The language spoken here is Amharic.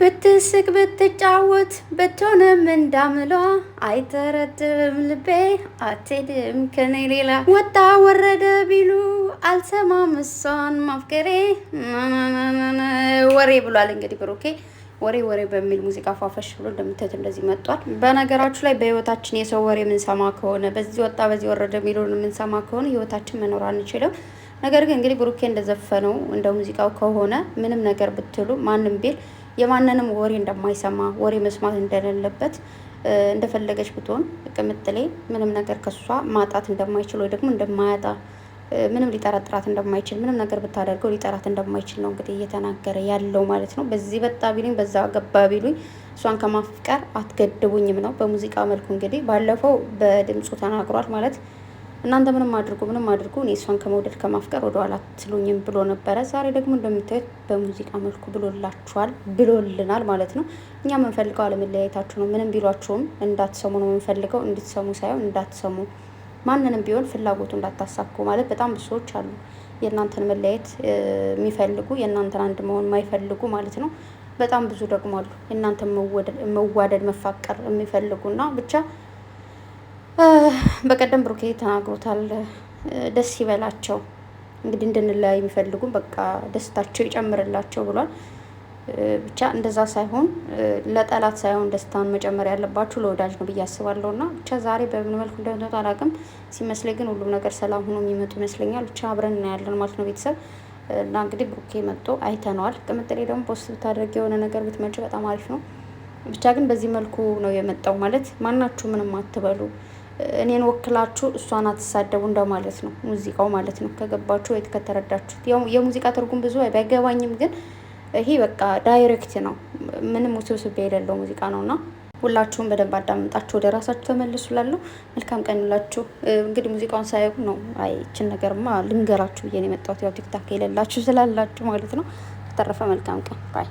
ብትስቅ ብትጫወት ብትሆንም እንዳምሏ አይተረድብም ልቤ አትሄድም ከኔ ሌላ ወጣ ወረደ ቢሉ አልሰማም እሷን ማፍቀሬ ወሬ ብሏል። እንግዲህ ብሩኬ ወሬ ወሬ በሚል ሙዚቃ ፏፈሽ ብሎ እንደምታዩት እንደዚህ መጧል። በነገራችሁ ላይ በህይወታችን የሰው ወሬ የምንሰማ ከሆነ በዚህ ወጣ በዚህ ወረደ የሚሉን የምንሰማ ከሆነ ህይወታችን መኖር አንችልም። ነገር ግን እንግዲህ ብሩኬ እንደዘፈነው እንደ ሙዚቃው ከሆነ ምንም ነገር ብትሉ ማንም ቢል የማንንም ወሬ እንደማይሰማ ወሬ መስማት እንደሌለበት እንደፈለገች ብትሆን ቅምጥሌ ምንም ነገር ከሷ ማጣት እንደማይችል ወይ ደግሞ እንደማያጣ ምንም ሊጠረጥራት እንደማይችል ምንም ነገር ብታደርገው ሊጠራት እንደማይችል ነው እንግዲህ እየተናገረ ያለው ማለት ነው። በዚህ በጣ ቢሉኝ በዛ ገባ ቢሉኝ እሷን ከማፍቀር አትገድቡኝም ነው በሙዚቃ መልኩ እንግዲህ ባለፈው በድምፁ ተናግሯል ማለት እናንተ ምንም አድርጉ ምንም አድርጉ እኔ እሷን ከመውደድ ከማፍቀር ወደ ኋላ ትሉኝም ብሎ ነበረ። ዛሬ ደግሞ እንደምታዩት በሙዚቃ መልኩ ብሎላችኋል ብሎልናል ማለት ነው። እኛ የምንፈልገው አለመለያየታችሁ ነው። ምንም ቢሏችሁም እንዳትሰሙ ነው የምንፈልገው፣ እንድትሰሙ ሳይሆን እንዳትሰሙ። ማንንም ቢሆን ፍላጎቱ እንዳታሳኩ ማለት በጣም ብዙ ሰዎች አሉ የእናንተን መለያየት የሚፈልጉ የእናንተን አንድ መሆን የማይፈልጉ ማለት ነው። በጣም ብዙ ደግሞ አሉ የእናንተን መዋደድ መፋቀር የሚፈልጉና ብቻ በቀደም ብሩኬ ተናግሮታል። ደስ ይበላቸው እንግዲህ እንድንለያይ የሚፈልጉም በቃ ደስታቸው ይጨምርላቸው ብሏል። ብቻ እንደዛ ሳይሆን ለጠላት ሳይሆን ደስታን መጨመር ያለባችሁ ለወዳጅ ነው ብዬ አስባለሁ። እና ብቻ ዛሬ በምን መልኩ እንደሚመጡ አላውቅም። ሲመስለኝ ግን ሁሉም ነገር ሰላም ሆኖ የሚመጡ ይመስለኛል። ብቻ አብረን እናያለን ማለት ነው ቤተሰብ እና እንግዲህ ብሩኬ መጥቶ አይተነዋል። ቅምጥሌ ደግሞ ፖስት ብታደርግ የሆነ ነገር ብትመጭ በጣም አሪፍ ነው። ብቻ ግን በዚህ መልኩ ነው የመጣው ማለት ማናችሁ ምንም አትበሉ። እኔን ወክላችሁ እሷን አትሳደቡ እንደማለት ነው ሙዚቃው ማለት ነው። ከገባችሁ ወይ ከተረዳችሁት። የሙዚቃ ትርጉም ብዙ ባይገባኝም ግን ይሄ በቃ ዳይሬክት ነው፣ ምንም ውስብስብ የሌለው ሙዚቃ ነው እና ሁላችሁም በደንብ አዳምጣችሁ ወደ ራሳችሁ ተመልሱ። ላለው መልካም ቀን ላችሁ። እንግዲህ ሙዚቃውን ሳያዩ ነው አይ አይችን ነገርማ ልንገራችሁ ብዬ ነው የመጣሁት። ያው ቲክታክ የሌላችሁ ስላላችሁ ማለት ነው። በተረፈ መልካም ቀን ባይ